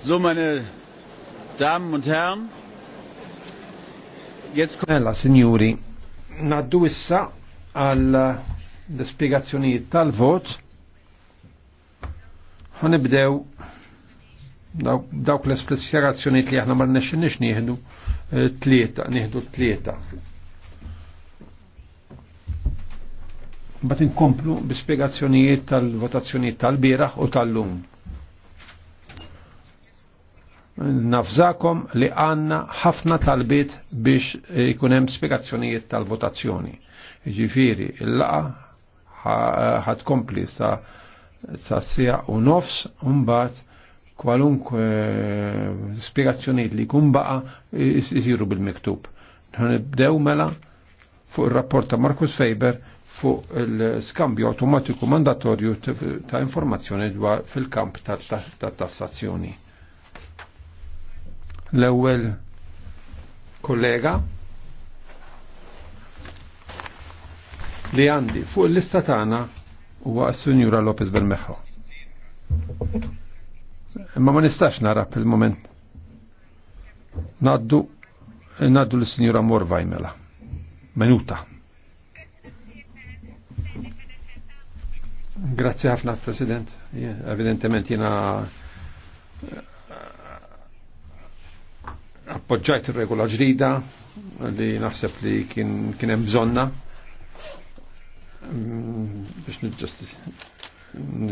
So, meine Damen und Herren, jetzt Mela, signori, naddu issa għal eh, l-spiegazzjonijiet tal-vot. Ħanibdew dawk l-esplikazzjonijiet li aħna ma rnexxinix nieħdu eh, tlieta, nieħdu tlieta. Bat inkomplu bi tal-votazzjonijiet tal-bieraħ u tal-lum nafżakom li għanna ħafna talbiet biex eh, ikunem spiegazzjonijiet tal-votazzjoni. Ġifiri, il-laqa ħatkompli kompli sa sija u nofs unbat kwalunkwe eh, spiegazzjonijiet li kun baqa jisiru bil-miktub. Nibdew mela fuq il-rapport ta' Markus Faber fuq il-skambju automatiku mandatorju ta' informazzjoni dwar fil-kamp ta' tassazzjoni. L-ewwel kollega li għandi fuq il-lista tagħna huwa s-Sinjura Lopez Bermejo. Imma ma nistax nara fil-moment. Naddu naddu l-Sinjura Morvaj mela. Minuta. Grazie ħafna, President. Evidentement jena appoġġajt il regola ġdida li naħseb li kien hemm bżonna mm, biex